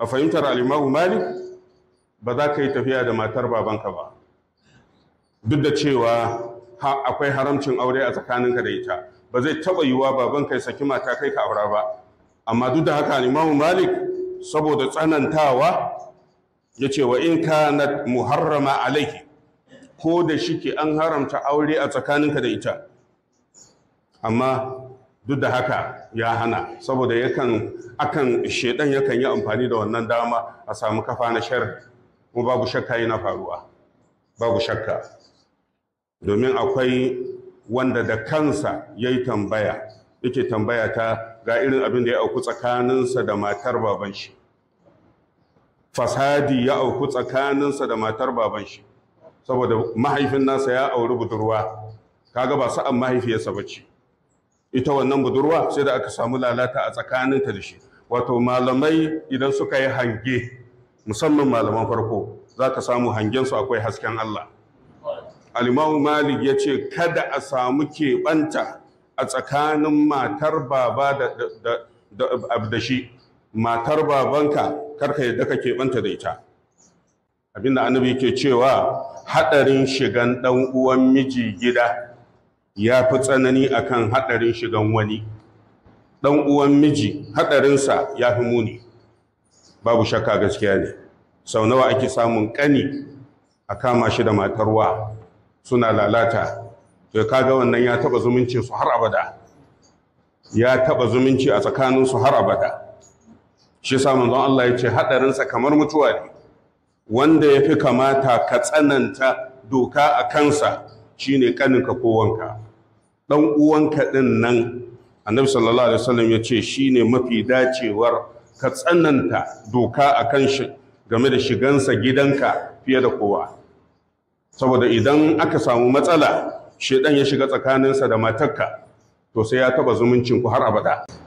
a fahimtar alimahu malik ba za ka yi tafiya da matar babanka ba duk da cewa akwai haramcin aure a tsakaninka da ita ba zai taɓa yiwuwa babanka ya saki mata kai ka aura ba amma duk da haka alimahu malik saboda tsanantawa ya ce wa in ka na muharrama alaihi ko da shi ke an haramta aure a tsakaninka da ita amma duk da haka ya hana saboda yakan akan shedan yakan yi amfani da wannan dama a samu kafa na shar kuma babu shakka yana faruwa babu shakka domin akwai wanda da kansa ya yi tambaya yake tambaya ta ga irin abin da ya auku tsakaninsa da matar baban shi fasadi ya auku tsakaninsa da matar baban shi saboda mahaifin nasa ya auri budurwa kaga ba sa'an mahaifiyarsa bace ita wannan budurwa sai da aka samu lalata a tsakaninta da shi wato malamai idan suka yi hange musamman malaman farko za ka samu hangensu akwai hasken Allah alimamu malik ya ce kada a samu keɓanta a tsakanin matar baba da shi matar babanka karka yadda ka keɓanta da ita abinda annabi ke cewa haɗarin shigan ɗan uwan miji gida ya fi tsanani a kan haɗarin shigan wani ɗan uwan miji haɗarinsa ya fi muni babu shakka gaskiya ne sau nawa ake samun ƙani a kama shi da matarwa suna lalata to kaga wannan ya taɓa zumunci su har abada ya taɓa zumunci a tsakaninsu har abada shi samun zan Allah ya ce haɗarinsa kamar mutuwa ne wanda ya fi kamata ka tsananta doka a kansa Shi ne kaninka ko wanka ɗan uwanka ɗin nan annabi sallallahu alaihi wasallam ya ce shine mafi dacewar ka tsananta doka akan shi game da shigansa gidanka fiye da kowa saboda idan aka samu matsala shi ɗan ya shiga tsakaninsa da matarka to sai ya taɓa zumuncin ku har abada